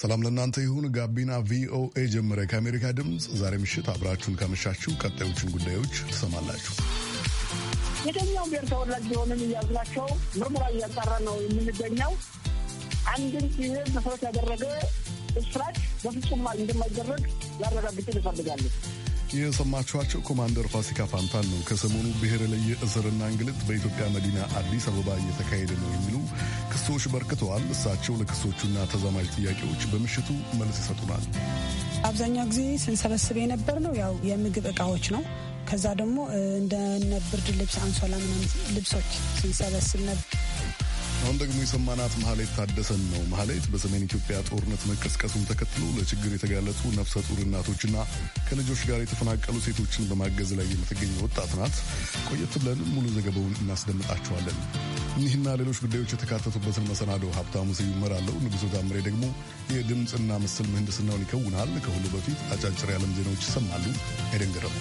ሰላም ለእናንተ ይሁን። ጋቢና ቪኦኤ ጀመረ። ከአሜሪካ ድምፅ ዛሬ ምሽት አብራችሁን ካመሻችሁ ቀጣዮችን ጉዳዮች ትሰማላችሁ። የትኛውም ብሔር ተወላጅ ቢሆንም እያዝናቸው ምርመራ እያጣራ ነው የምንገኘው። አንድን ብሔር መሰረት ያደረገ እስራች በፍጹም እንደማይደረግ ላረጋግጥ እፈልጋለሁ። የሰማችኋቸው ኮማንደር ፋሲካ ፋንታን ነው። ከሰሞኑ ብሔር ለየ እስርና እንግልት በኢትዮጵያ መዲና አዲስ አበባ እየተካሄደ ነው የሚሉ ክሶች በርክተዋል። እሳቸው ለክሶቹና ተዛማጅ ጥያቄዎች በምሽቱ መልስ ይሰጡናል። አብዛኛው ጊዜ ስንሰበስብ የነበር ነው ያው የምግብ እቃዎች ነው። ከዛ ደግሞ እንደነ ብርድ ልብስ፣ አንሶላ ምናምን ልብሶች ስንሰበስብ ነበር። አሁን ደግሞ የሰማናት መሐሌት ታደሰን ነው። መሐሌት በሰሜን ኢትዮጵያ ጦርነት መቀስቀሱን ተከትሎ ለችግር የተጋለጡ ነፍሰ ጡር እናቶችና ከልጆች ጋር የተፈናቀሉ ሴቶችን በማገዝ ላይ የምትገኝ ወጣት ናት። ቆየት ብለን ሙሉ ዘገባውን እናስደምጣችኋለን። እኒህና ሌሎች ጉዳዮች የተካተቱበትን መሰናዶ ሀብታሙ ስዩም ይመራለው። ንጉሥ ታምሬ ደግሞ የድምፅና ምስል ምህንድስናውን ይከውናል። ከሁሉ በፊት አጫጭር የዓለም ዜናዎች ይሰማሉ። አይደንገረሙ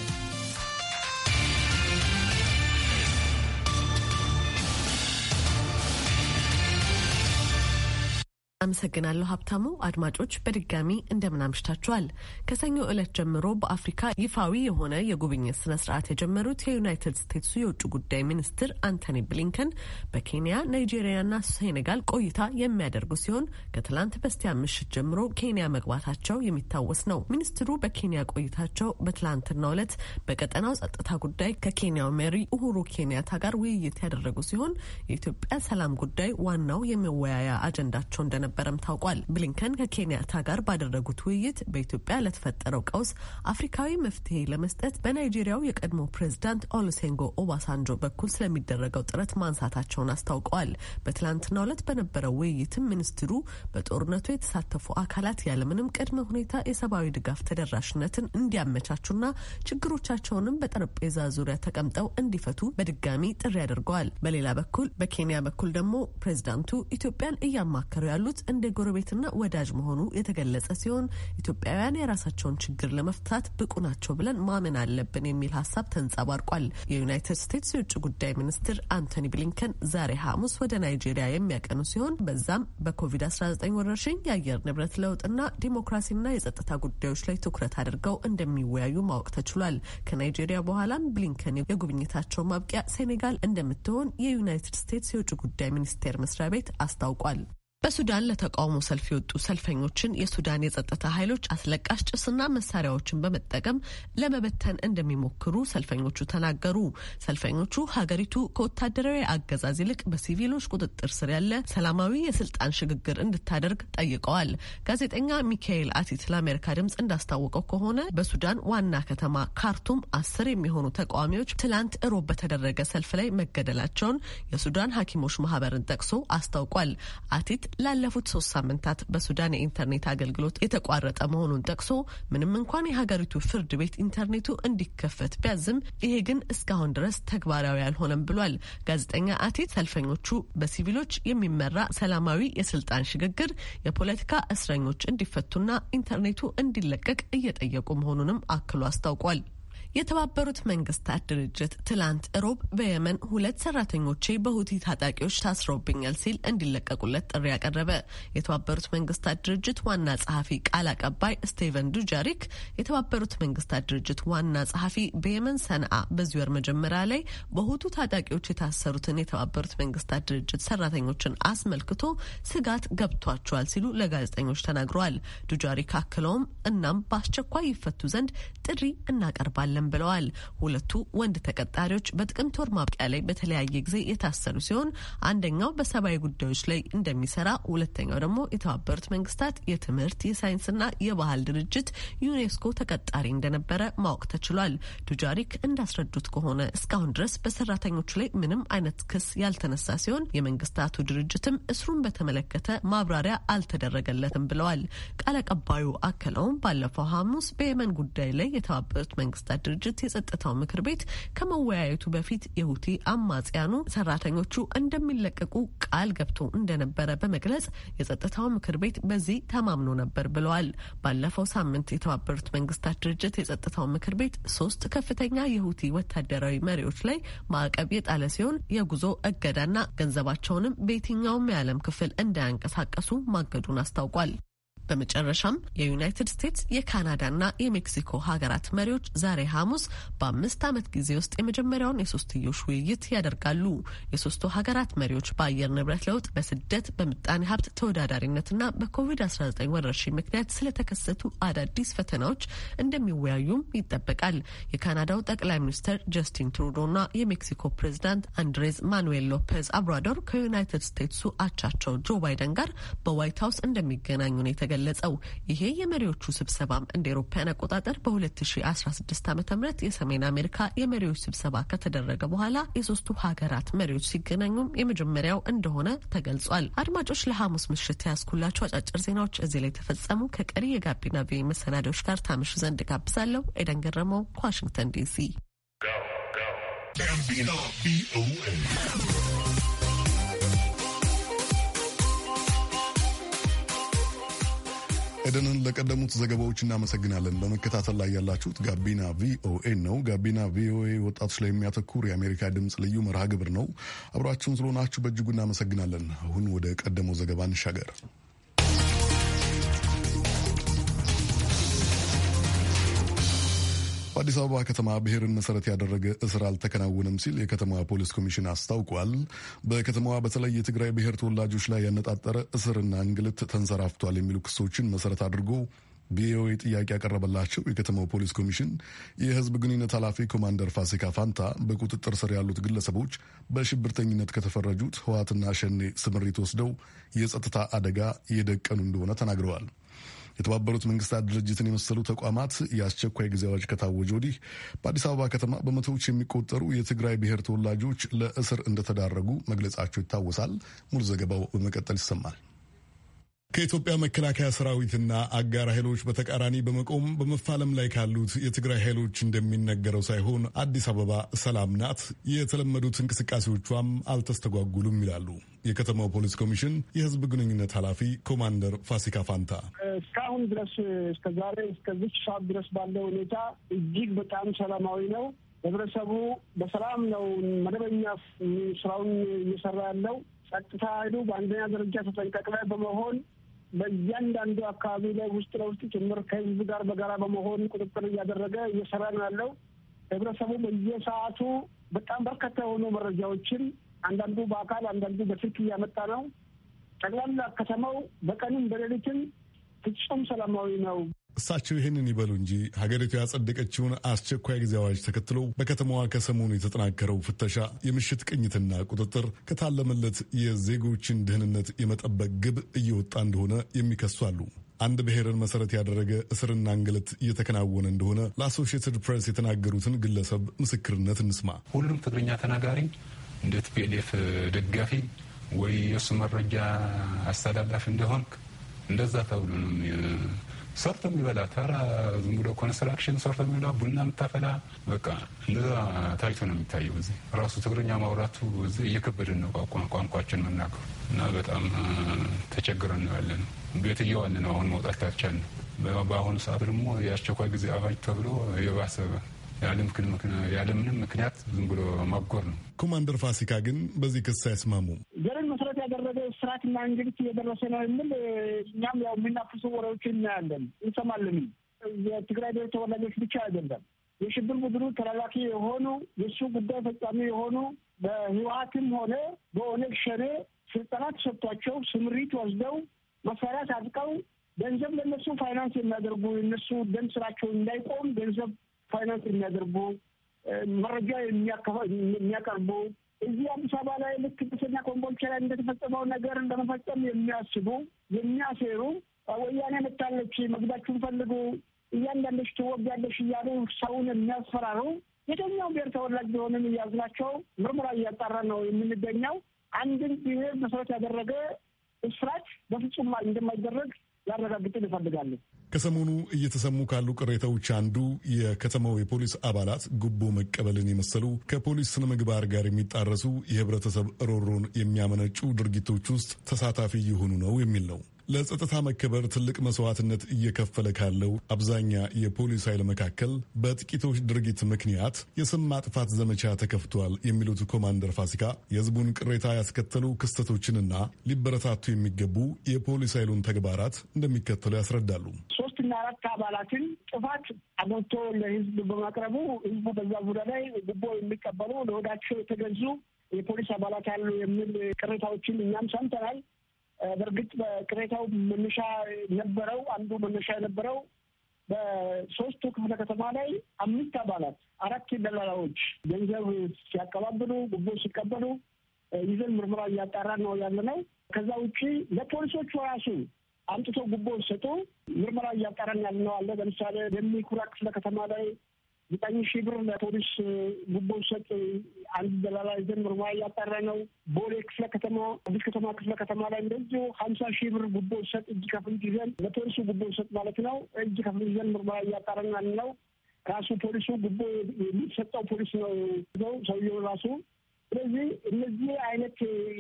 አመሰግናለሁ ሀብታሙ። አድማጮች በድጋሚ እንደምን አምሽታችኋል። ከሰኞ ዕለት ጀምሮ በአፍሪካ ይፋዊ የሆነ የጉብኝት ስነ ስርዓት የጀመሩት የዩናይትድ ስቴትሱ የውጭ ጉዳይ ሚኒስትር አንቶኒ ብሊንከን በኬንያ ናይጄሪያና ሴኔጋል ቆይታ የሚያደርጉ ሲሆን ከትላንት በስቲያ ምሽት ጀምሮ ኬንያ መግባታቸው የሚታወስ ነው። ሚኒስትሩ በኬንያ ቆይታቸው በትላንትናው ዕለት በቀጠናው ጸጥታ ጉዳይ ከኬንያው መሪ ኡሁሩ ኬንያታ ጋር ውይይት ያደረጉ ሲሆን የኢትዮጵያ ሰላም ጉዳይ ዋናው የመወያያ አጀንዳቸው እንደነበ እንደነበረም ታውቋል። ብሊንከን ከኬንያታ ጋር ባደረጉት ውይይት በኢትዮጵያ ለተፈጠረው ቀውስ አፍሪካዊ መፍትሄ ለመስጠት በናይጄሪያው የቀድሞ ፕሬዚዳንት ኦሉሴንጎ ኦባሳንጆ በኩል ስለሚደረገው ጥረት ማንሳታቸውን አስታውቀዋል። በትላንትናው ዕለት በነበረው ውይይትም ሚኒስትሩ በጦርነቱ የተሳተፉ አካላት ያለምንም ቅድመ ሁኔታ የሰብአዊ ድጋፍ ተደራሽነትን እንዲያመቻቹና ችግሮቻቸውንም በጠረጴዛ ዙሪያ ተቀምጠው እንዲፈቱ በድጋሚ ጥሪ አድርገዋል። በሌላ በኩል በኬንያ በኩል ደግሞ ፕሬዚዳንቱ ኢትዮጵያን እያማከሩ ያሉት እንደ ጎረቤትና ወዳጅ መሆኑ የተገለጸ ሲሆን ኢትዮጵያውያን የራሳቸውን ችግር ለመፍታት ብቁ ናቸው ብለን ማመን አለብን የሚል ሀሳብ ተንጸባርቋል። የዩናይትድ ስቴትስ የውጭ ጉዳይ ሚኒስትር አንቶኒ ብሊንከን ዛሬ ሐሙስ ወደ ናይጄሪያ የሚያቀኑ ሲሆን በዛም በኮቪድ-19 ወረርሽኝ የአየር ንብረት ለውጥና ዲሞክራሲና የጸጥታ ጉዳዮች ላይ ትኩረት አድርገው እንደሚወያዩ ማወቅ ተችሏል። ከናይጄሪያ በኋላም ብሊንከን የጉብኝታቸው ማብቂያ ሴኔጋል እንደምትሆን የዩናይትድ ስቴትስ የውጭ ጉዳይ ሚኒስቴር መስሪያ ቤት አስታውቋል። በሱዳን ለተቃውሞ ሰልፍ የወጡ ሰልፈኞችን የሱዳን የጸጥታ ኃይሎች አስለቃሽ ጭስና መሳሪያዎችን በመጠቀም ለመበተን እንደሚሞክሩ ሰልፈኞቹ ተናገሩ። ሰልፈኞቹ ሀገሪቱ ከወታደራዊ አገዛዝ ይልቅ በሲቪሎች ቁጥጥር ስር ያለ ሰላማዊ የስልጣን ሽግግር እንድታደርግ ጠይቀዋል። ጋዜጠኛ ሚካኤል አቲት ለአሜሪካ ድምጽ እንዳስታወቀው ከሆነ በሱዳን ዋና ከተማ ካርቱም አስር የሚሆኑ ተቃዋሚዎች ትላንት እሮብ በተደረገ ሰልፍ ላይ መገደላቸውን የሱዳን ሐኪሞች ማህበርን ጠቅሶ አስታውቋል። አቲት ላለፉት ሶስት ሳምንታት በሱዳን የኢንተርኔት አገልግሎት የተቋረጠ መሆኑን ጠቅሶ ምንም እንኳን የሀገሪቱ ፍርድ ቤት ኢንተርኔቱ እንዲከፈት ቢያዝም ይሄ ግን እስካሁን ድረስ ተግባራዊ አልሆነም ብሏል። ጋዜጠኛ አቴት ሰልፈኞቹ በሲቪሎች የሚመራ ሰላማዊ የስልጣን ሽግግር፣ የፖለቲካ እስረኞች እንዲፈቱና ኢንተርኔቱ እንዲለቀቅ እየጠየቁ መሆኑንም አክሎ አስታውቋል። የተባበሩት መንግስታት ድርጅት ትላንት ሮብ በየመን ሁለት ሰራተኞቼ በሁቲ ታጣቂዎች ታስረውብኛል ሲል እንዲለቀቁለት ጥሪ ያቀረበ። የተባበሩት መንግስታት ድርጅት ዋና ጸሐፊ ቃል አቀባይ ስቴቨን ዱጃሪክ የተባበሩት መንግስታት ድርጅት ዋና ጸሐፊ በየመን ሰንአ በዚህ ወር መጀመሪያ ላይ በሁቱ ታጣቂዎች የታሰሩትን የተባበሩት መንግስታት ድርጅት ሰራተኞችን አስመልክቶ ስጋት ገብቷቸዋል ሲሉ ለጋዜጠኞች ተናግረዋል። ዱጃሪክ አክለውም እናም በአስቸኳይ ይፈቱ ዘንድ ጥሪ እናቀርባለን የለም ብለዋል። ሁለቱ ወንድ ተቀጣሪዎች በጥቅምት ወር ማብቂያ ላይ በተለያየ ጊዜ የታሰሩ ሲሆን አንደኛው በሰብአዊ ጉዳዮች ላይ እንደሚሰራ፣ ሁለተኛው ደግሞ የተባበሩት መንግስታት የትምህርት የሳይንስና የባህል ድርጅት ዩኔስኮ ተቀጣሪ እንደነበረ ማወቅ ተችሏል። ዱጃሪክ እንዳስረዱት ከሆነ እስካሁን ድረስ በሰራተኞቹ ላይ ምንም አይነት ክስ ያልተነሳ ሲሆን የመንግስታቱ ድርጅትም እስሩን በተመለከተ ማብራሪያ አልተደረገለትም ብለዋል። ቃል አቀባዩ አክለውም ባለፈው ሐሙስ በየመን ጉዳይ ላይ የተባበሩት መንግስታት ድርጅት የጸጥታው ምክር ቤት ከመወያየቱ በፊት የሁቲ አማጽያኑ ሰራተኞቹ እንደሚለቀቁ ቃል ገብቶ እንደነበረ በመግለጽ የጸጥታው ምክር ቤት በዚህ ተማምኖ ነበር ብለዋል። ባለፈው ሳምንት የተባበሩት መንግስታት ድርጅት የጸጥታው ምክር ቤት ሶስት ከፍተኛ የሁቲ ወታደራዊ መሪዎች ላይ ማዕቀብ የጣለ ሲሆን የጉዞ እገዳና ገንዘባቸውንም በየትኛውም የዓለም ክፍል እንዳያንቀሳቀሱ ማገዱን አስታውቋል። በመጨረሻም የዩናይትድ ስቴትስ የካናዳና የሜክሲኮ ሀገራት መሪዎች ዛሬ ሐሙስ በአምስት ዓመት ጊዜ ውስጥ የመጀመሪያውን የሶስትዮሽ ውይይት ያደርጋሉ። የሶስቱ ሀገራት መሪዎች በአየር ንብረት ለውጥ፣ በስደት፣ በምጣኔ ሀብት ተወዳዳሪነትና በኮቪድ-19 ወረርሽኝ ምክንያት ስለተከሰቱ አዳዲስ ፈተናዎች እንደሚወያዩም ይጠበቃል። የካናዳው ጠቅላይ ሚኒስትር ጀስቲን ትሩዶና የሜክሲኮ ፕሬዚዳንት አንድሬዝ ማኑዌል ሎፔዝ አብራዶር ከዩናይትድ ስቴትሱ አቻቸው ጆ ባይደን ጋር በዋይት ሀውስ እንደሚገናኙ ነው የገለጸው። ይሄ የመሪዎቹ ስብሰባም እንደ ኤሮፓያን አቆጣጠር በ2016 ዓ ም የሰሜን አሜሪካ የመሪዎች ስብሰባ ከተደረገ በኋላ የሶስቱ ሀገራት መሪዎች ሲገናኙም የመጀመሪያው እንደሆነ ተገልጿል። አድማጮች ለሐሙስ ምሽት ያስኩላቸው አጫጭር ዜናዎች እዚህ ላይ ተፈጸሙ። ከቀሪ የጋቢና ቪ መሰናዶች ጋር ታምሹ ዘንድ ጋብዛለሁ። ኤደን ገረመው ከዋሽንግተን ዲሲ። ኤደንን ለቀደሙት ዘገባዎች እናመሰግናለን። በመከታተል ላይ ያላችሁት ጋቢና ቪኦኤ ነው። ጋቢና ቪኦኤ ወጣቶች ላይ የሚያተኩር የአሜሪካ ድምፅ ልዩ መርሃ ግብር ነው። አብራችሁን ስለሆናችሁ በእጅጉ እናመሰግናለን። አሁን ወደ ቀደመው ዘገባ እንሻገር። በአዲስ አበባ ከተማ ብሔርን መሰረት ያደረገ እስር አልተከናወነም ሲል የከተማዋ ፖሊስ ኮሚሽን አስታውቋል። በከተማዋ በተለይ የትግራይ ብሔር ተወላጆች ላይ ያነጣጠረ እስርና እንግልት ተንሰራፍቷል የሚሉ ክሶችን መሰረት አድርጎ ቪኦኤ ጥያቄ ያቀረበላቸው የከተማው ፖሊስ ኮሚሽን የህዝብ ግንኙነት ኃላፊ ኮማንደር ፋሲካ ፋንታ በቁጥጥር ስር ያሉት ግለሰቦች በሽብርተኝነት ከተፈረጁት ህዋትና ሸኔ ስምሪት ወስደው የጸጥታ አደጋ የደቀኑ እንደሆነ ተናግረዋል። የተባበሩት መንግስታት ድርጅትን የመሰሉ ተቋማት የአስቸኳይ ጊዜ አዋጅ ከታወጀ ወዲህ በአዲስ አበባ ከተማ በመቶዎች የሚቆጠሩ የትግራይ ብሔር ተወላጆች ለእስር እንደተዳረጉ መግለጻቸው ይታወሳል። ሙሉ ዘገባው በመቀጠል ይሰማል። ከኢትዮጵያ መከላከያ ሰራዊትና አጋር ኃይሎች በተቃራኒ በመቆም በመፋለም ላይ ካሉት የትግራይ ኃይሎች እንደሚነገረው ሳይሆን አዲስ አበባ ሰላም ናት፣ የተለመዱት እንቅስቃሴዎቿም አልተስተጓጉሉም ይላሉ የከተማው ፖሊስ ኮሚሽን የህዝብ ግንኙነት ኃላፊ ኮማንደር ፋሲካ ፋንታ። እስካሁን ድረስ እስከዛሬ እስከዚህ ሰዓት ድረስ ባለው ሁኔታ እጅግ በጣም ሰላማዊ ነው። ህብረተሰቡ በሰላም ነው መደበኛ ስራውን እየሰራ ያለው። ጸጥታ ኃይሉ በአንደኛ ደረጃ ተጠንቀቅ ላይ በመሆን በእያንዳንዱ አካባቢ ላይ ውስጥ ለውስጥ ጭምር ከህዝብ ጋር በጋራ በመሆን ቁጥጥር እያደረገ እየሰራ ነው ያለው። ህብረተሰቡ በየሰዓቱ በጣም በርካታ የሆኑ መረጃዎችን አንዳንዱ በአካል አንዳንዱ በስልክ እያመጣ ነው። ጠቅላላ ከተማው በቀንም በሌሊትም ፍጹም ሰላማዊ ነው። እሳቸው ይህንን ይበሉ እንጂ ሀገሪቱ ያጸደቀችውን አስቸኳይ ጊዜ አዋጅ ተከትሎ በከተማዋ ከሰሞኑ የተጠናከረው ፍተሻ፣ የምሽት ቅኝትና ቁጥጥር ከታለመለት የዜጎችን ደህንነት የመጠበቅ ግብ እየወጣ እንደሆነ የሚከሱ አሉ። አንድ ብሔርን መሰረት ያደረገ እስርና እንግልት እየተከናወነ እንደሆነ ለአሶሺየትድ ፕሬስ የተናገሩትን ግለሰብ ምስክርነት እንስማ። ሁሉም ትግርኛ ተናጋሪ እንደ ቲፒኤልኤፍ ደጋፊ ወይ የእሱ መረጃ አስተላላፊ እንደሆንክ እንደዛ ተብሎ ነው ሰርቶ የሚበላ ተራ ዝም ብሎ ኮንስትራክሽን ሰርቶ የሚበላ ቡና የምታፈላ በቃ እንደዛ ታይቶ ነው የሚታየው። እዚህ ራሱ ትግርኛ ማውራቱ እዚህ እየከበድን ነው ቋንቋችን መናገሩ እና በጣም ተቸግረን ነው ያለ ነው። ቤት እየዋለ ነው አሁን መውጣት ታቻል ነው። በአሁኑ ሰዓት ደግሞ የአስቸኳይ ጊዜ አዋጅ ተብሎ የባሰ ያለምንም ምክንያት ዝም ብሎ ማጎር ነው። ኮማንደር ፋሲካ ግን በዚህ ክስ አይስማሙም። የተደረገ ስርዓትና እንግዲህ እየደረሰ ነው የሚል እኛም ያው የሚናፍሱ ወሬዎችን እናያለን እንሰማለን። የትግራይ ብሔር ተወላጆች ብቻ አይደለም የሽብር ቡድኑ ተላላኪ የሆኑ የእሱ ጉዳይ ፈጻሚ የሆኑ በህወሀትም ሆነ በኦነግ ሸኔ ስልጠና ተሰጥቷቸው ስምሪት ወስደው መሳሪያ ታጥቀው ገንዘብ ለነሱ ፋይናንስ የሚያደርጉ እነሱ ደም ስራቸው እንዳይቆም ገንዘብ ፋይናንስ የሚያደርጉ መረጃ የሚያቀርቡ እዚህ አዲስ አበባ ላይ ልክ ብሰኛ ኮምቦልቻ ላይ እንደተፈጸመው ነገር ለመፈጸም የሚያስቡ የሚያሴሩ ወያኔ መታለች፣ መግዳችሁን ፈልጉ፣ እያንዳንደች ትወጊያለሽ እያሉ ሰውን የሚያስፈራሩ የትኛው ብሔር ተወላጅ ቢሆንም እያዝናቸው ምርመራ እያጣራ ነው የምንገኘው። አንድን ብሔር መሰረት ያደረገ እስራት በፍጹም እንደማይደረግ ላረጋግጥን እፈልጋለሁ። ከሰሞኑ እየተሰሙ ካሉ ቅሬታዎች አንዱ የከተማው የፖሊስ አባላት ጉቦ መቀበልን የመሰሉ ከፖሊስ ስነ ምግባር ጋር የሚጣረሱ የህብረተሰብ ሮሮን የሚያመነጩ ድርጊቶች ውስጥ ተሳታፊ የሆኑ ነው የሚል ነው። ለጸጥታ መከበር ትልቅ መስዋዕትነት እየከፈለ ካለው አብዛኛ የፖሊስ ኃይል መካከል በጥቂቶች ድርጊት ምክንያት የስም ማጥፋት ዘመቻ ተከፍቷል የሚሉት ኮማንደር ፋሲካ የህዝቡን ቅሬታ ያስከተሉ ክስተቶችንና ሊበረታቱ የሚገቡ የፖሊስ ኃይሉን ተግባራት እንደሚከተሉ ያስረዳሉ። ሶስትና አራት አባላትን ጥፋት አመቶ ለህዝብ በማቅረቡ ህዝቡ በዛ ዙሪያ ላይ ጉቦ የሚቀበሉ ለወዳቸው የተገዙ የፖሊስ አባላት ያሉ የሚል ቅሬታዎችን እኛም ሰምተናል። በእርግጥ በቅሬታው መነሻ ነበረው አንዱ መነሻ የነበረው በሶስቱ ክፍለ ከተማ ላይ አምስት አባላት አራት ደላላዎች ገንዘብ ሲያቀባብሉ፣ ጉቦ ሲቀበሉ ይዘን ምርመራ እያጣራ ነው ያለ ነው። ከዛ ውጪ ለፖሊሶቹ ራሱ አምጥቶ ጉቦ ሰጡ፣ ምርመራ እያጣራን ያለ ነው አለ። ለምሳሌ የሚኩራ ክፍለ ከተማ ላይ ዘጠኝ ሺህ ብር ለፖሊስ ጉቦ ሰጥ አንድ ደላላ ይዘን ምርመራ እያጣራ ነው። ቦሌ ክፍለ ከተማ፣ አዲስ ከተማ ክፍለ ከተማ ላይ እንደዚሁ ሀምሳ ሺህ ብር ጉቦ ሰጥ እጅ ከፍንጅ ይዘን ለፖሊሱ ጉቦ ሰጥ ማለት ነው እጅ ከፍንጅ ይዘን ምርመራ እያጣራን ነው። ራሱ ፖሊሱ ጉቦ የሚሰጠው ፖሊስ ነው ነው ሰውየው ራሱ። ስለዚህ እነዚህ አይነት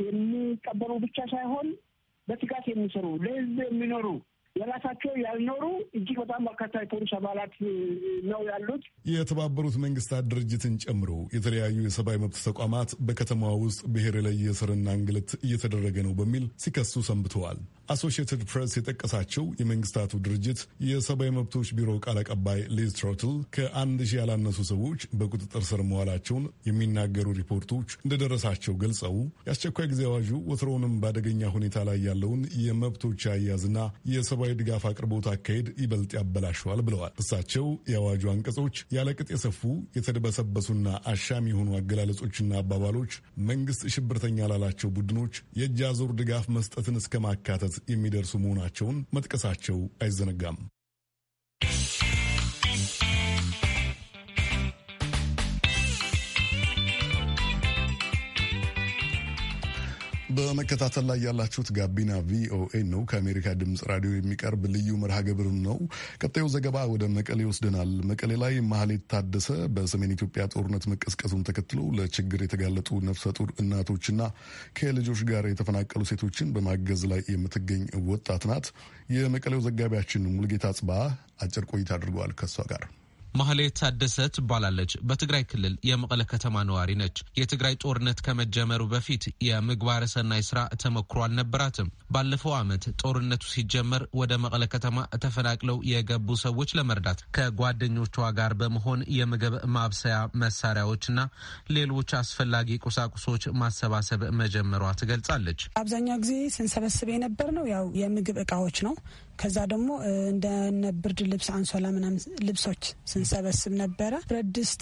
የሚቀበሉ ብቻ ሳይሆን በትጋት የሚሰሩ ለህዝብ የሚኖሩ የራሳቸው ያልኖሩ እጅግ በጣም በርካታ የፖሊስ አባላት ነው ያሉት። የተባበሩት መንግስታት ድርጅትን ጨምሮ የተለያዩ የሰብአዊ መብት ተቋማት በከተማዋ ውስጥ ብሔር ላይ የስርና እንግልት እየተደረገ ነው በሚል ሲከሱ ሰንብተዋል። አሶሺየትድ ፕሬስ የጠቀሳቸው የመንግስታቱ ድርጅት የሰብአዊ መብቶች ቢሮ ቃል አቀባይ ሊዝ ትሮትል ከአንድ ሺህ ያላነሱ ሰዎች በቁጥጥር ስር መዋላቸውን የሚናገሩ ሪፖርቶች እንደደረሳቸው ገልጸው የአስቸኳይ ጊዜ አዋዡ ወትሮውንም በአደገኛ ሁኔታ ላይ ያለውን የመብቶች አያያዝና የሰ የሰብአዊ ድጋፍ አቅርቦት አካሄድ ይበልጥ ያበላሸዋል ብለዋል። እሳቸው የአዋጁ አንቀጾች ያለቅጥ የሰፉ የተደበሰበሱና አሻሚ የሆኑ አገላለጾችና አባባሎች መንግስት ሽብርተኛ ላላቸው ቡድኖች የእጅ አዙር ድጋፍ መስጠትን እስከ ማካተት የሚደርሱ መሆናቸውን መጥቀሳቸው አይዘነጋም። በመከታተል ላይ ያላችሁት ጋቢና ቪኦኤ ነው። ከአሜሪካ ድምፅ ራዲዮ የሚቀርብ ልዩ መርሃ ግብር ነው። ቀጣዩ ዘገባ ወደ መቀሌ ይወስደናል። መቀሌ ላይ ማህሌት ታደሰ በሰሜን ኢትዮጵያ ጦርነት መቀስቀሱን ተከትሎ ለችግር የተጋለጡ ነፍሰ ጡር እናቶችና ከልጆች ጋር የተፈናቀሉ ሴቶችን በማገዝ ላይ የምትገኝ ወጣት ናት። የመቀሌው ዘጋቢያችን ሙልጌታ ጽባ አጭር ቆይታ አድርገዋል ከእሷ ጋር ማህሌት ታደሰ ትባላለች። በትግራይ ክልል የመቀለ ከተማ ነዋሪ ነች። የትግራይ ጦርነት ከመጀመሩ በፊት የምግባረ ሰናይ ስራ ተመክሮ አልነበራትም። ባለፈው ዓመት ጦርነቱ ሲጀመር ወደ መቀለ ከተማ ተፈናቅለው የገቡ ሰዎች ለመርዳት ከጓደኞቿ ጋር በመሆን የምግብ ማብሰያ መሳሪያዎችና ሌሎች አስፈላጊ ቁሳቁሶች ማሰባሰብ መጀመሯ ትገልጻለች። አብዛኛው ጊዜ ስንሰበስብ የነበር ነው ያው የምግብ እቃዎች ነው ከዛ ደግሞ እንደነ ብርድ ልብስ፣ አንሶላ ምናምን ልብሶች ስንሰበስብ ነበረ። ብረት ድስት፣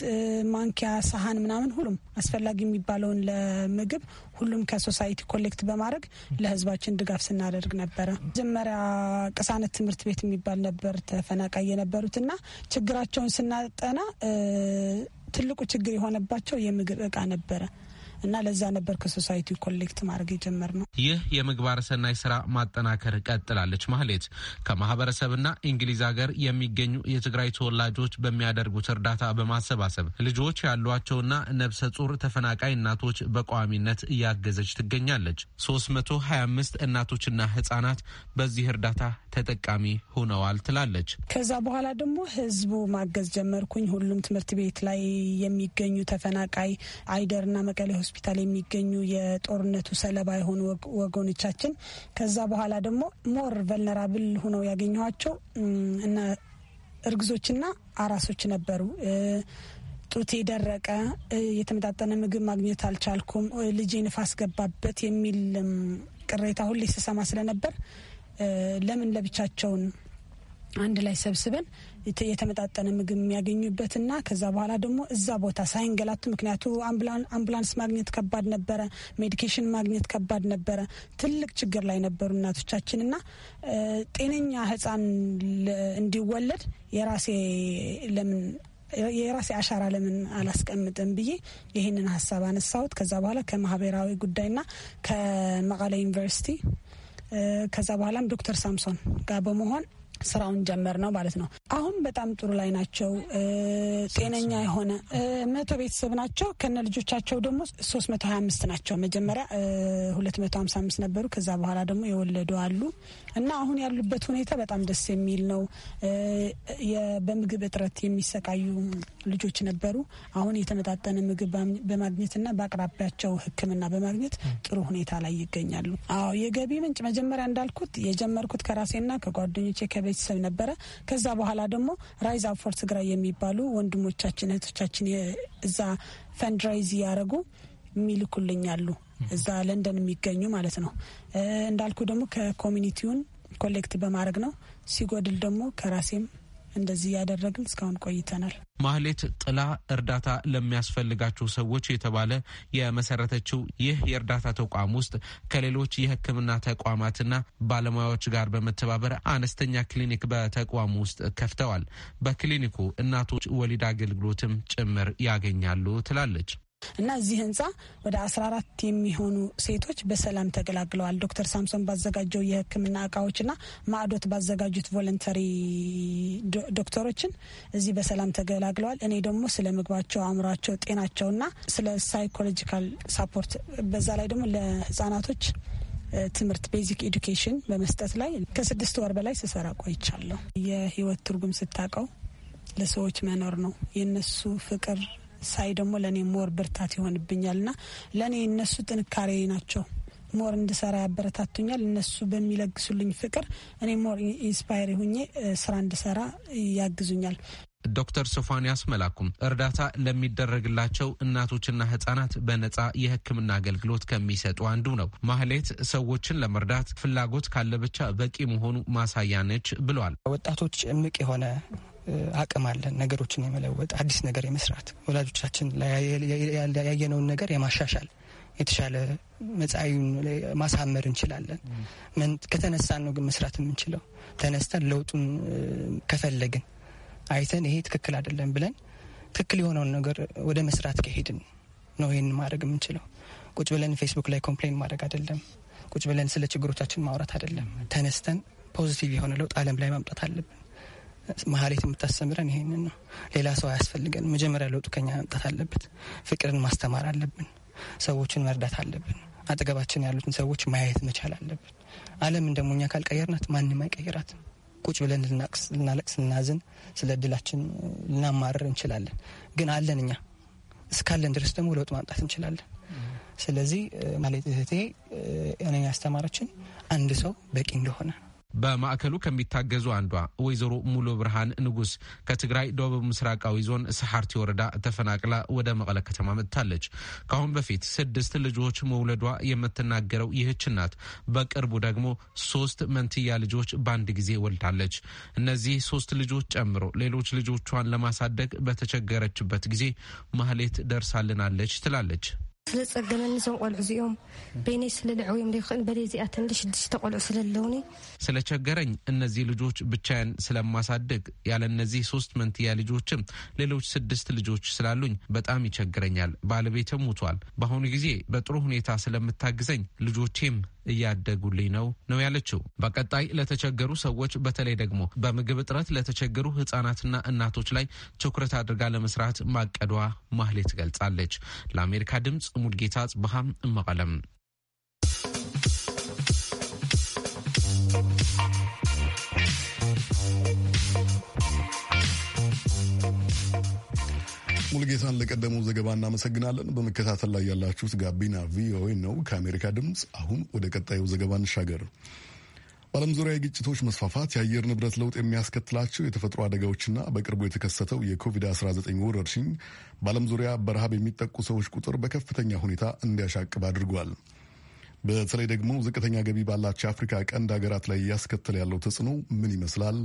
ማንኪያ፣ ሰሀን ምናምን ሁሉም አስፈላጊ የሚባለውን ለምግብ ሁሉም ከሶሳይቲ ኮሌክት በማድረግ ለህዝባችን ድጋፍ ስናደርግ ነበረ። መጀመሪያ ቅሳነት ትምህርት ቤት የሚባል ነበር ተፈናቃይ የነበሩት እና ችግራቸውን ስናጠና ትልቁ ችግር የሆነባቸው የምግብ እቃ ነበረ። እና ለዛ ነበር ከሶሳይቲ ኮሌክት ማድረግ የጀመር ነው። ይህ የምግባረ ሰናይ ስራ ማጠናከር ቀጥላለች ማህሌት። ከማህበረሰብና እንግሊዝ ሀገር የሚገኙ የትግራይ ተወላጆች በሚያደርጉት እርዳታ በማሰባሰብ ልጆች ያሏቸውና ነብሰ ጡር ተፈናቃይ እናቶች በቋሚነት እያገዘች ትገኛለች። 325 እናቶችና ህጻናት በዚህ እርዳታ ተጠቃሚ ሆነዋል ትላለች። ከዛ በኋላ ደግሞ ህዝቡ ማገዝ ጀመርኩኝ። ሁሉም ትምህርት ቤት ላይ የሚገኙ ተፈናቃይ አይደርና መቀሌ ሆስፒታል የሚገኙ የጦርነቱ ሰለባ የሆኑ ወገኖቻችን ከዛ በኋላ ደግሞ ሞር ቨልነራብል ሆነው ያገኘኋቸው እና እርግዞችና አራሶች ነበሩ። ጡቴ ደረቀ፣ የተመጣጠነ ምግብ ማግኘት አልቻልኩም፣ ልጄ ንፋስ ገባበት የሚል ቅሬታ ሁሌ ስሰማ ስለነበር ለምን ለብቻቸውን አንድ ላይ ሰብስበን የተመጣጠነ ምግብ የሚያገኙበት እና ከዛ በኋላ ደግሞ እዛ ቦታ ሳይንገላቱ ምክንያቱ አምቡላንስ ማግኘት ከባድ ነበረ። ሜዲኬሽን ማግኘት ከባድ ነበረ። ትልቅ ችግር ላይ ነበሩ እና ጤነኛ ህፃን እንዲወለድ የራሴ ለምን የራሴ አሻራ ለምን አላስቀምጥም ብዬ ይህንን ሀሳብ አነሳሁት። ከዛ በኋላ ከማህበራዊ ጉዳይና ከመቀለ ዩኒቨርሲቲ ከዛ በኋላም ዶክተር ሳምሶን ጋር በመሆን ስራውን ጀመር ነው ማለት ነው። አሁን በጣም ጥሩ ላይ ናቸው። ጤነኛ የሆነ መቶ ቤተሰብ ናቸው። ከነ ልጆቻቸው ደግሞ ሶስት መቶ ሀያ አምስት ናቸው። መጀመሪያ ሁለት መቶ ሀምሳ አምስት ነበሩ። ከዛ በኋላ ደግሞ የወለዱ አሉ እና አሁን ያሉበት ሁኔታ በጣም ደስ የሚል ነው። በምግብ እጥረት የሚሰቃዩ ልጆች ነበሩ። አሁን የተመጣጠነ ምግብ በማግኘትና በአቅራቢያቸው ሕክምና በማግኘት ጥሩ ሁኔታ ላይ ይገኛሉ። አዎ የገቢ ምንጭ መጀመሪያ እንዳልኩት የጀመርኩት ከራሴና ከጓደኞቼ ከቤ ቤተሰብ ነበረ። ከዛ በኋላ ደግሞ ራይዝ አፕ ፎር ትግራይ የሚባሉ ወንድሞቻችን እህቶቻችን እዛ ፈንድራይዝ እያደረጉ የሚልኩልኝ አሉ። እዛ ለንደን የሚገኙ ማለት ነው። እንዳልኩ ደግሞ ከኮሚኒቲውን ኮሌክት በማድረግ ነው። ሲጎድል ደግሞ ከራሴም እንደዚህ እያደረግን እስካሁን ቆይተናል። ማህሌት ጥላ እርዳታ ለሚያስፈልጋቸው ሰዎች የተባለ የመሰረተችው ይህ የእርዳታ ተቋም ውስጥ ከሌሎች የሕክምና ተቋማትና ባለሙያዎች ጋር በመተባበር አነስተኛ ክሊኒክ በተቋሙ ውስጥ ከፍተዋል። በክሊኒኩ እናቶች ወሊድ አገልግሎትም ጭምር ያገኛሉ ትላለች። እና እዚህ ህንጻ ወደ አራት የሚሆኑ ሴቶች በሰላም ተገላግለዋል። ዶክተር ሳምሶን ባዘጋጀው የህክምና እቃዎችና ማዕዶት ባዘጋጁት ቮለንተሪ ዶክተሮችን እዚህ በሰላም ተገላግለዋል። እኔ ደግሞ ስለ ምግባቸው፣ አእምሯቸው፣ ጤናቸውና ስለ ሳይኮሎጂካል ሳፖርት በዛ ላይ ደግሞ ለህጻናቶች ትምህርት ቤዚክ ኤዱኬሽን በመስጠት ላይ ከስድስት ወር በላይ ስሰራ ቆይቻለሁ። የህይወት ትርጉም ስታቀው ለሰዎች መኖር ነው። የእነሱ ፍቅር ሳይ ደግሞ ለእኔ ሞር ብርታት ይሆንብኛል እና ለእኔ እነሱ ጥንካሬ ናቸው። ሞር እንድሰራ ያበረታቱኛል። እነሱ በሚለግሱልኝ ፍቅር እኔ ሞር ኢንስፓየር ሁኜ ስራ እንድሰራ ያግዙኛል። ዶክተር ሶፋንያስ መላኩም እርዳታ ለሚደረግላቸው እናቶችና ህጻናት በነጻ የሕክምና አገልግሎት ከሚሰጡ አንዱ ነው። ማህሌት ሰዎችን ለመርዳት ፍላጎት ካለ ብቻ በቂ መሆኑ ማሳያ ነች ብሏል። ወጣቶች እምቅ የሆነ አቅም አለን ነገሮችን የመለወጥ አዲስ ነገር የመስራት ወላጆቻችን ያየነውን ነገር የማሻሻል የተሻለ መጻኢውን ማሳመር እንችላለን። ከተነሳን ነው ግን መስራት የምንችለው። ተነስተን ለውጡን ከፈለግን አይተን ይሄ ትክክል አይደለም ብለን ትክክል የሆነውን ነገር ወደ መስራት ከሄድን ነው ይህን ማድረግ የምንችለው። ቁጭ ብለን ፌስቡክ ላይ ኮምፕሌን ማድረግ አይደለም። ቁጭ ብለን ስለ ችግሮቻችን ማውራት አይደለም። ተነስተን ፖዚቲቭ የሆነ ለውጥ አለም ላይ ማምጣት አለብን። መሀሌት የምታስተምረን ይሄንን ነው። ሌላ ሰው አያስፈልገን። መጀመሪያ ለውጡ ከኛ መምጣት አለበት። ፍቅርን ማስተማር አለብን። ሰዎችን መርዳት አለብን። አጠገባችን ያሉትን ሰዎች ማየት መቻል አለብን። ዓለምን ደግሞ እኛ ካልቀየርናት ማንም አይቀይራትም። ቁጭ ብለን ልናለቅስ፣ ልናዝን፣ ስለ እድላችን ልናማርር እንችላለን። ግን አለን እኛ እስካለን ድረስ ደግሞ ለውጥ ማምጣት እንችላለን። ስለዚህ ማለት እህቴ እኔ ያስተማረችን አንድ ሰው በቂ እንደሆነ በማዕከሉ ከሚታገዙ አንዷ ወይዘሮ ሙሉ ብርሃን ንጉስ ከትግራይ ደቡብ ምስራቃዊ ዞን ሰሓርቲ ወረዳ ተፈናቅላ ወደ መቀለ ከተማ መጥታለች። ከአሁን በፊት ስድስት ልጆች መውለዷ የምትናገረው ይህች እናት በቅርቡ ደግሞ ሶስት መንትያ ልጆች በአንድ ጊዜ ወልዳለች። እነዚህ ሶስት ልጆች ጨምሮ ሌሎች ልጆቿን ለማሳደግ በተቸገረችበት ጊዜ ማህሌት ደርሳልናለች ትላለች። ስለ ፀገመኒ ዞም ቆልዑ እዚኦም በይነይ ስለ ልዕብዮም ዘይክእል በለይ እዚኣተን ሽዱሽተ ቆልዑ ስለለውኒ ስለ ቸገረኝ እነዚህ ልጆች ብቻዬን ስለማሳድግ ያለ እነዚህ ሶስት መንትያ ልጆችም ሌሎች ስድስት ልጆች ስላሉኝ በጣም ይቸግረኛል። ባለቤትም ሙቷል። በአሁኑ ጊዜ በጥሩ ሁኔታ ስለምታግዘኝ ልጆቼም እያደጉልኝ ነው ነው ያለችው። በቀጣይ ለተቸገሩ ሰዎች በተለይ ደግሞ በምግብ እጥረት ለተቸገሩ ህጻናትና እናቶች ላይ ትኩረት አድርጋ ለመስራት ማቀዷ ማህሌት ገልጻለች። ለአሜሪካ ድምፅ ሙልጌታ ጽብሃም እመቀለም ሙልጌታን ለቀደመው ዘገባ እናመሰግናለን። በመከታተል ላይ ያላችሁት ጋቢና ቪኦኤ ነው ከአሜሪካ ድምፅ። አሁን ወደ ቀጣዩ ዘገባ እንሻገር። በዓለም ዙሪያ የግጭቶች መስፋፋት፣ የአየር ንብረት ለውጥ የሚያስከትላቸው የተፈጥሮ አደጋዎችና በቅርቡ የተከሰተው የኮቪድ-19 ወረርሽኝ በዓለም ዙሪያ በረሃብ የሚጠቁ ሰዎች ቁጥር በከፍተኛ ሁኔታ እንዲያሻቅብ አድርጓል። በተለይ ደግሞ ዝቅተኛ ገቢ ባላቸው የአፍሪካ ቀንድ ሀገራት ላይ እያስከተለ ያለው ተጽዕኖ ምን ይመስላል?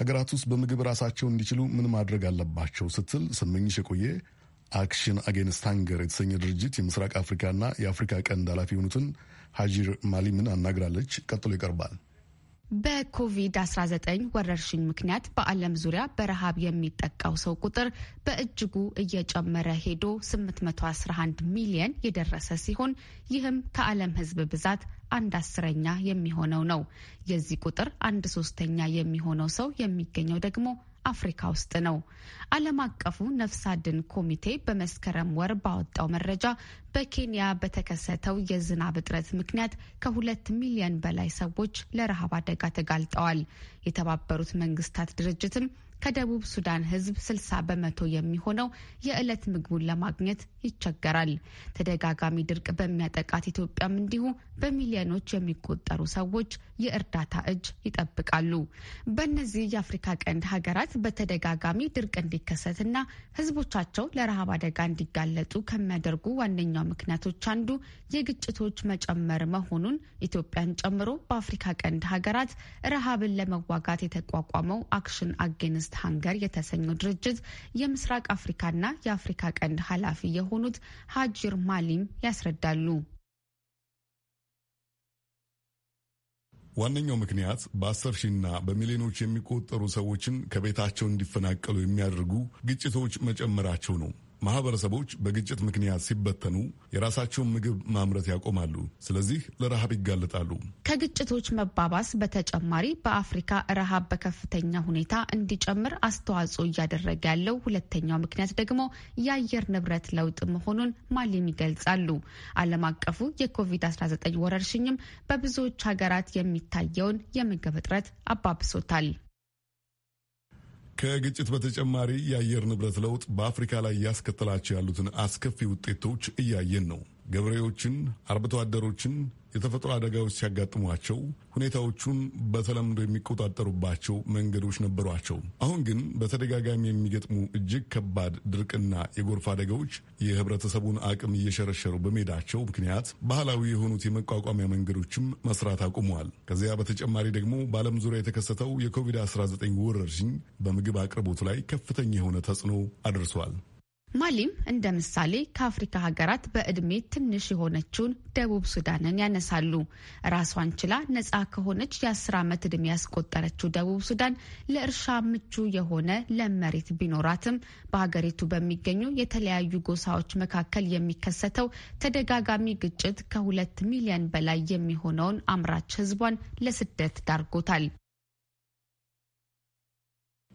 ሀገራት ውስጥ በምግብ ራሳቸውን እንዲችሉ ምን ማድረግ አለባቸው? ስትል ስመኝሽ የቆየ አክሽን አጌንስት ሃንገር የተሰኘ ድርጅት የምስራቅ አፍሪካና የአፍሪካ ቀንድ ኃላፊ የሆኑትን ሀጂር ማሊምን አናግራለች። ቀጥሎ ይቀርባል። በኮቪድ-19 ወረርሽኝ ምክንያት በዓለም ዙሪያ በረሃብ የሚጠቃው ሰው ቁጥር በእጅጉ እየጨመረ ሄዶ 811 ሚሊየን የደረሰ ሲሆን ይህም ከዓለም ሕዝብ ብዛት አንድ አስረኛ የሚሆነው ነው። የዚህ ቁጥር አንድ ሶስተኛ የሚሆነው ሰው የሚገኘው ደግሞ አፍሪካ ውስጥ ነው። ዓለም አቀፉ ነፍስ አድን ኮሚቴ በመስከረም ወር ባወጣው መረጃ በኬንያ በተከሰተው የዝናብ እጥረት ምክንያት ከሁለት ሚሊዮን በላይ ሰዎች ለረሃብ አደጋ ተጋልጠዋል። የተባበሩት መንግስታት ድርጅትም ከደቡብ ሱዳን ሕዝብ 60 በመቶ የሚሆነው የዕለት ምግቡን ለማግኘት ይቸገራል። ተደጋጋሚ ድርቅ በሚያጠቃት ኢትዮጵያም እንዲሁ በሚሊዮኖች የሚቆጠሩ ሰዎች የእርዳታ እጅ ይጠብቃሉ። በእነዚህ የአፍሪካ ቀንድ ሀገራት በተደጋጋሚ ድርቅ እንዲከሰትና ሕዝቦቻቸው ለረሃብ አደጋ እንዲጋለጡ ከሚያደርጉ ዋነኛው ምክንያቶች አንዱ የግጭቶች መጨመር መሆኑን ኢትዮጵያን ጨምሮ በአፍሪካ ቀንድ ሀገራት ረሃብን ለመዋጋት የተቋቋመው አክሽን አጌንስ ኢስት ሃንገር የተሰኘው ድርጅት የምስራቅ አፍሪካና የአፍሪካ ቀንድ ኃላፊ የሆኑት ሀጅር ማሊም ያስረዳሉ። ዋነኛው ምክንያት በአስር ሺና በሚሊዮኖች የሚቆጠሩ ሰዎችን ከቤታቸው እንዲፈናቀሉ የሚያደርጉ ግጭቶች መጨመራቸው ነው። ማህበረሰቦች በግጭት ምክንያት ሲበተኑ የራሳቸውን ምግብ ማምረት ያቆማሉ። ስለዚህ ለረሃብ ይጋለጣሉ። ከግጭቶች መባባስ በተጨማሪ በአፍሪካ ረሃብ በከፍተኛ ሁኔታ እንዲጨምር አስተዋጽኦ እያደረገ ያለው ሁለተኛው ምክንያት ደግሞ የአየር ንብረት ለውጥ መሆኑን ማሊም ይገልጻሉ። ዓለም አቀፉ የኮቪድ-19 ወረርሽኝም በብዙዎች ሀገራት የሚታየውን የምግብ እጥረት አባብሶታል። ከግጭት በተጨማሪ የአየር ንብረት ለውጥ በአፍሪካ ላይ እያስከተላቸው ያሉትን አስከፊ ውጤቶች እያየን ነው። ገበሬዎችን፣ አርብቶ አደሮችን የተፈጥሮ አደጋዎች ሲያጋጥሟቸው ሁኔታዎቹን በተለምዶ የሚቆጣጠሩባቸው መንገዶች ነበሯቸው። አሁን ግን በተደጋጋሚ የሚገጥሙ እጅግ ከባድ ድርቅና የጎርፍ አደጋዎች የህብረተሰቡን አቅም እየሸረሸሩ በመሄዳቸው ምክንያት ባህላዊ የሆኑት የመቋቋሚያ መንገዶችም መስራት አቁመዋል። ከዚያ በተጨማሪ ደግሞ በዓለም ዙሪያ የተከሰተው የኮቪድ-19 ወረርሽኝ በምግብ አቅርቦት ላይ ከፍተኛ የሆነ ተጽዕኖ አድርሷል። ማሊም እንደ ምሳሌ ከአፍሪካ ሀገራት በእድሜ ትንሽ የሆነችውን ደቡብ ሱዳንን ያነሳሉ። ራሷን ችላ ነጻ ከሆነች የአስር ዓመት እድሜ ያስቆጠረችው ደቡብ ሱዳን ለእርሻ ምቹ የሆነ ለም መሬት ቢኖራትም በሀገሪቱ በሚገኙ የተለያዩ ጎሳዎች መካከል የሚከሰተው ተደጋጋሚ ግጭት ከሁለት ሚሊዮን በላይ የሚሆነውን አምራች ሕዝቧን ለስደት ዳርጎታል።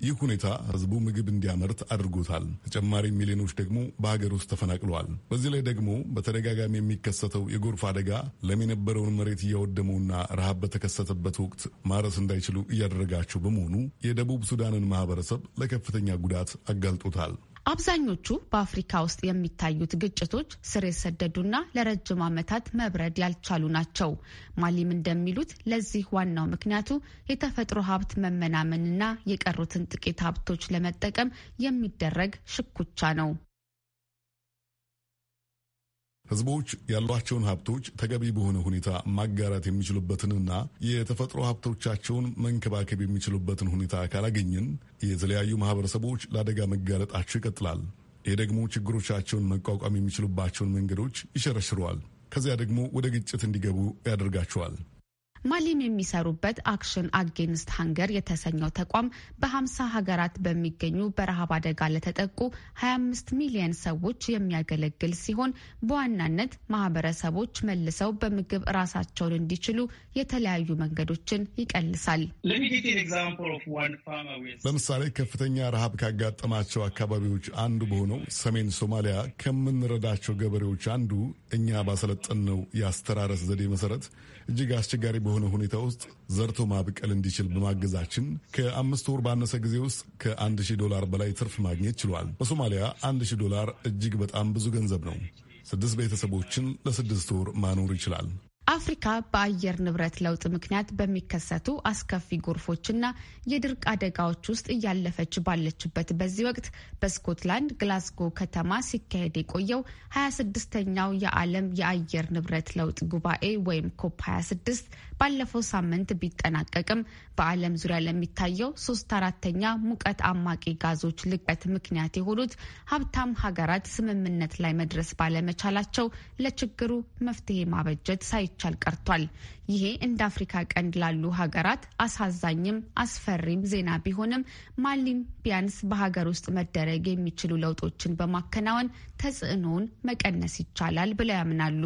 ይህ ሁኔታ ህዝቡ ምግብ እንዲያመርት አድርጎታል። ተጨማሪ ሚሊዮኖች ደግሞ በሀገር ውስጥ ተፈናቅለዋል። በዚህ ላይ ደግሞ በተደጋጋሚ የሚከሰተው የጎርፍ አደጋ ለም የነበረውን መሬት እያወደመውና ረሃብ በተከሰተበት ወቅት ማረስ እንዳይችሉ እያደረጋቸው በመሆኑ የደቡብ ሱዳንን ማህበረሰብ ለከፍተኛ ጉዳት አጋልጦታል። አብዛኞቹ በአፍሪካ ውስጥ የሚታዩት ግጭቶች ስር የሰደዱና ለረጅም ዓመታት መብረድ ያልቻሉ ናቸው። ማሊም እንደሚሉት ለዚህ ዋናው ምክንያቱ የተፈጥሮ ሀብት መመናመንና የቀሩትን ጥቂት ሀብቶች ለመጠቀም የሚደረግ ሽኩቻ ነው። ህዝቦች ያሏቸውን ሀብቶች ተገቢ በሆነ ሁኔታ ማጋራት የሚችሉበትንና የተፈጥሮ ሀብቶቻቸውን መንከባከብ የሚችሉበትን ሁኔታ ካላገኝን የተለያዩ ማህበረሰቦች ለአደጋ መጋለጣቸው ይቀጥላል። ይህ ደግሞ ችግሮቻቸውን መቋቋም የሚችሉባቸውን መንገዶች ይሸረሽረዋል። ከዚያ ደግሞ ወደ ግጭት እንዲገቡ ያደርጋቸዋል። ማሊም የሚሰሩበት አክሽን አጌንስት ሀንገር የተሰኘው ተቋም በ50 ሀገራት በሚገኙ በረሃብ አደጋ ለተጠቁ 25 ሚሊየን ሰዎች የሚያገለግል ሲሆን በዋናነት ማህበረሰቦች መልሰው በምግብ ራሳቸውን እንዲችሉ የተለያዩ መንገዶችን ይቀልሳል። ለምሳሌ ከፍተኛ ረሃብ ካጋጠማቸው አካባቢዎች አንዱ በሆነው ሰሜን ሶማሊያ ከምንረዳቸው ገበሬዎች አንዱ እኛ ባሰለጠን ነው የአስተራረስ ዘዴ መሰረት እጅግ አስቸጋሪ በሆነ ሁኔታ ውስጥ ዘርቶ ማብቀል እንዲችል በማገዛችን ከአምስት ወር ባነሰ ጊዜ ውስጥ ከአንድ ሺህ ዶላር በላይ ትርፍ ማግኘት ችሏል። በሶማሊያ አንድ ሺህ ዶላር እጅግ በጣም ብዙ ገንዘብ ነው። ስድስት ቤተሰቦችን ለስድስት ወር ማኖር ይችላል። አፍሪካ በአየር ንብረት ለውጥ ምክንያት በሚከሰቱ አስከፊ ጎርፎችና የድርቅ አደጋዎች ውስጥ እያለፈች ባለችበት በዚህ ወቅት በስኮትላንድ ግላስጎ ከተማ ሲካሄድ የቆየው 26ኛው የዓለም የአየር ንብረት ለውጥ ጉባኤ ወይም ኮፕ 26 ባለፈው ሳምንት ቢጠናቀቅም በዓለም ዙሪያ ለሚታየው ሶስት አራተኛ ሙቀት አማቂ ጋዞች ልቀት ምክንያት የሆኑት ሀብታም ሀገራት ስምምነት ላይ መድረስ ባለመቻላቸው ለችግሩ መፍትሄ ማበጀት ሳይቻል ቀርቷል። ይሄ እንደ አፍሪካ ቀንድ ላሉ ሀገራት አሳዛኝም አስፈሪም ዜና ቢሆንም ማሊም ቢያንስ በሀገር ውስጥ መደረግ የሚችሉ ለውጦችን በማከናወን ተጽዕኖውን መቀነስ ይቻላል ብለው ያምናሉ።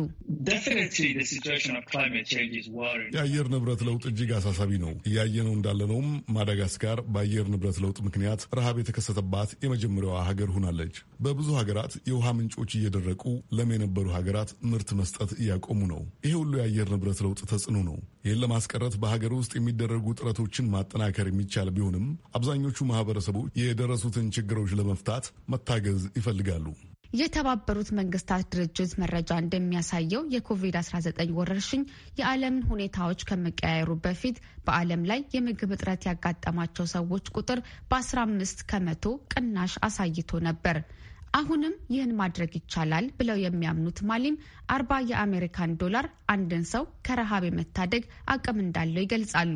የአየር ንብረት ለውጥ እጅግ አሳሳቢ ነው። እያየነው እንዳለነውም ማዳጋስካር በአየር ንብረት ለውጥ ምክንያት ረሃብ የተከሰተባት የመጀመሪያዋ ሀገር ሆናለች። በብዙ ሀገራት የውሃ ምንጮች እየደረቁ ለም የነበሩ ሀገራት ምርት መስጠት እያቆሙ ነው። ይህ ሁሉ የአየር ንብረት ለውጥ ተጽዕኖ ነው። ይህን ለማስቀረት በሀገር ውስጥ የሚደረጉ ጥረቶችን ማጠናከር የሚቻል ቢሆንም አብዛኞቹ ማህበረሰቦች የደረሱትን ችግሮች ለመፍታት መታገዝ ይፈልጋሉ። የተባበሩት መንግስታት ድርጅት መረጃ እንደሚያሳየው የኮቪድ-19 ወረርሽኝ የዓለምን ሁኔታዎች ከመቀያየሩ በፊት በዓለም ላይ የምግብ እጥረት ያጋጠማቸው ሰዎች ቁጥር በ15 ከመቶ ቅናሽ አሳይቶ ነበር። አሁንም ይህን ማድረግ ይቻላል ብለው የሚያምኑት ማሊም አርባ የአሜሪካን ዶላር አንድን ሰው ከረሃብ የመታደግ አቅም እንዳለው ይገልጻሉ።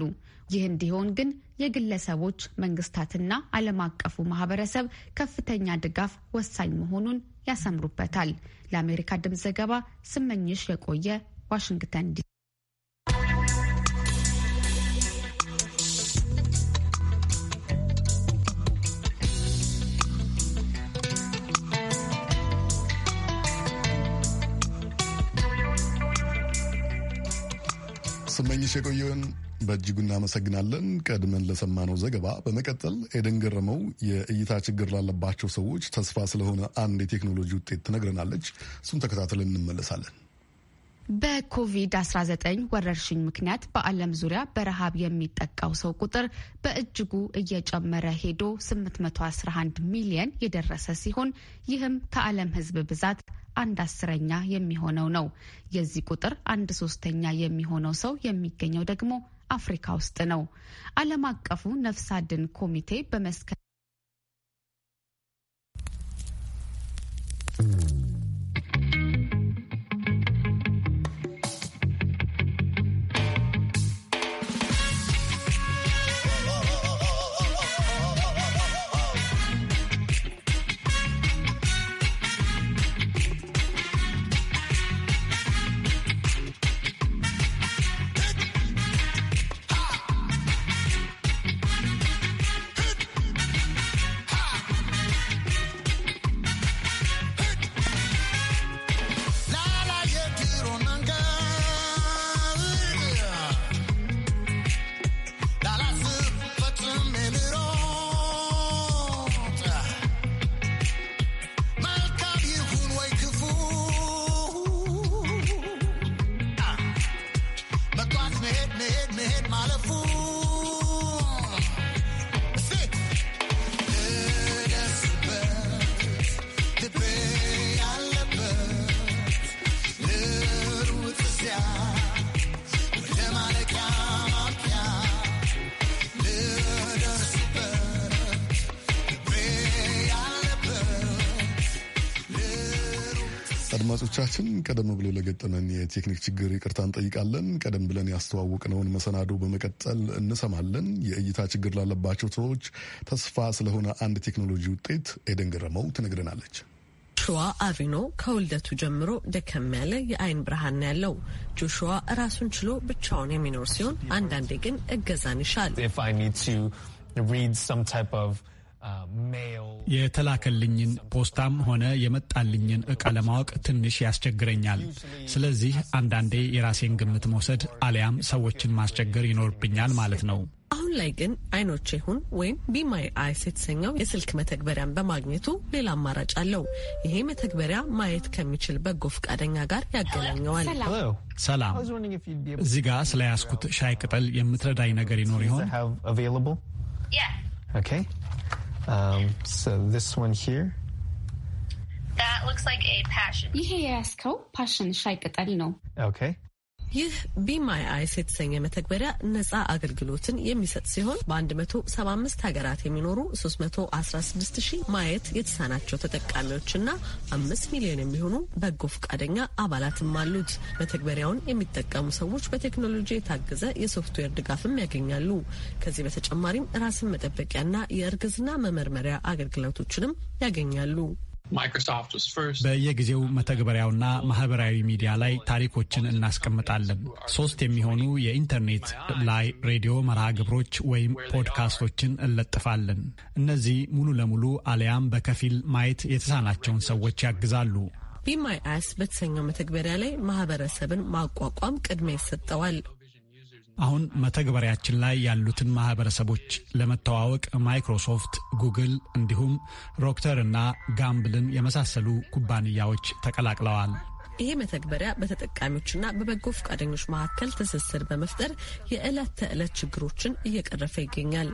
ይህ እንዲሆን ግን የግለሰቦች መንግስታትና ዓለም አቀፉ ማህበረሰብ ከፍተኛ ድጋፍ ወሳኝ መሆኑን ያሰምሩበታል። ለአሜሪካ ድምፅ ዘገባ ስመኝሽ የቆየ ዋሽንግተን ዲሲ። ስመኝሽ የቆየውን በእጅጉ እናመሰግናለን። ቀድመን ለሰማነው ዘገባ። በመቀጠል ኤደን ገረመው የእይታ ችግር ላለባቸው ሰዎች ተስፋ ስለሆነ አንድ የቴክኖሎጂ ውጤት ትነግረናለች። እሱን ተከታትለን እንመለሳለን። በኮቪድ-19 ወረርሽኝ ምክንያት በዓለም ዙሪያ በረሃብ የሚጠቃው ሰው ቁጥር በእጅጉ እየጨመረ ሄዶ 811 ሚሊየን የደረሰ ሲሆን ይህም ከዓለም ሕዝብ ብዛት አንድ አስረኛ የሚሆነው ነው። የዚህ ቁጥር አንድ ሶስተኛ የሚሆነው ሰው የሚገኘው ደግሞ አፍሪካ ውስጥ ነው። ዓለም አቀፉ ነፍስ አድን ኮሚቴ በመስከ እንግዳችን ቀደም ብሎ ለገጠመን የቴክኒክ ችግር ይቅርታ እንጠይቃለን። ቀደም ብለን ያስተዋወቅነውን መሰናዶ በመቀጠል እንሰማለን። የእይታ ችግር ላለባቸው ሰዎች ተስፋ ስለሆነ አንድ ቴክኖሎጂ ውጤት ኤደን ገረመው ትነግረናለች። ጆሹዋ አቪኖ ከውልደቱ ጀምሮ ደከም ያለ የአይን ብርሃን ያለው ጆሹዋ ራሱን ችሎ ብቻውን የሚኖር ሲሆን አንዳንዴ ግን እገዛን ይሻል። የተላከልኝን ፖስታም ሆነ የመጣልኝን ዕቃ ለማወቅ ትንሽ ያስቸግረኛል። ስለዚህ አንዳንዴ የራሴን ግምት መውሰድ አሊያም ሰዎችን ማስቸገር ይኖርብኛል ማለት ነው። አሁን ላይ ግን አይኖቼ ሁን ወይም ቢማይ አይስ የተሰኘው የስልክ መተግበሪያን በማግኘቱ ሌላ አማራጭ አለው። ይሄ መተግበሪያ ማየት ከሚችል በጎ ፈቃደኛ ጋር ያገናኘዋል። ሰላም፣ እዚህ ጋ ስለያዝኩት ሻይ ቅጠል የምትረዳኝ ነገር ይኖር ይሆን? Um, so this one here. That looks like a passion. Yes, called passion. Shake it. I don't know. Okay. ይህ ቢማይ አይስ የተሰኘ መተግበሪያ ነጻ አገልግሎትን የሚሰጥ ሲሆን በ175 ሀገራት የሚኖሩ 316 ሺህ ማየት የተሳናቸው ተጠቃሚዎችና 5 ሚሊዮን የሚሆኑ በጎ ፈቃደኛ አባላትም አሉት። መተግበሪያውን የሚጠቀሙ ሰዎች በቴክኖሎጂ የታገዘ የሶፍትዌር ድጋፍም ያገኛሉ። ከዚህ በተጨማሪም ራስን መጠበቂያና የእርግዝና መመርመሪያ አገልግሎቶችንም ያገኛሉ። በየጊዜው መተግበሪያውና ማህበራዊ ሚዲያ ላይ ታሪኮችን እናስቀምጣለን። ሶስት የሚሆኑ የኢንተርኔት ላይ ሬዲዮ መርሃ ግብሮች ወይም ፖድካስቶችን እንለጥፋለን። እነዚህ ሙሉ ለሙሉ አሊያም በከፊል ማየት የተሳናቸውን ሰዎች ያግዛሉ። ቢማይ አስ በተሰኘው መተግበሪያ ላይ ማህበረሰብን ማቋቋም ቅድሚያ ይሰጠዋል። አሁን መተግበሪያችን ላይ ያሉትን ማህበረሰቦች ለመተዋወቅ ማይክሮሶፍት፣ ጉግል እንዲሁም ሮክተር እና ጋምብልን የመሳሰሉ ኩባንያዎች ተቀላቅለዋል። ይሄ መተግበሪያ በተጠቃሚዎችና በበጎ ፈቃደኞች መካከል ትስስር በመፍጠር የዕለት ተዕለት ችግሮችን እየቀረፈ ይገኛል።